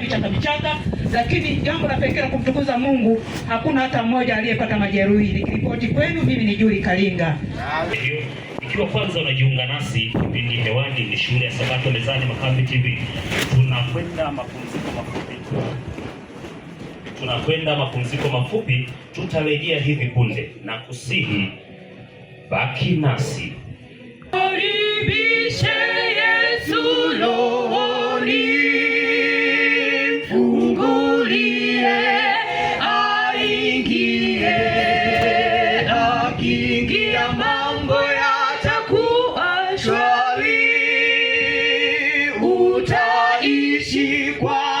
vichaka vichaka, lakini jambo la pekee la kumtukuza Mungu, hakuna hata mmoja aliyepata majeruhi. Nikiripoti kwenu, mimi ni Juli Kalinga. Ikiwa kwanza unajiunga nasi, kipindi hewani ni shule ya Sabato Mezani Makambi TV. Tunakwenda mapumziko mafupi, tunakwenda mapumziko mafupi, tutarejea hivi punde na kusihi baki nasi. akiingie, akiingia mambo yatakuwa shwari, utaishi kwa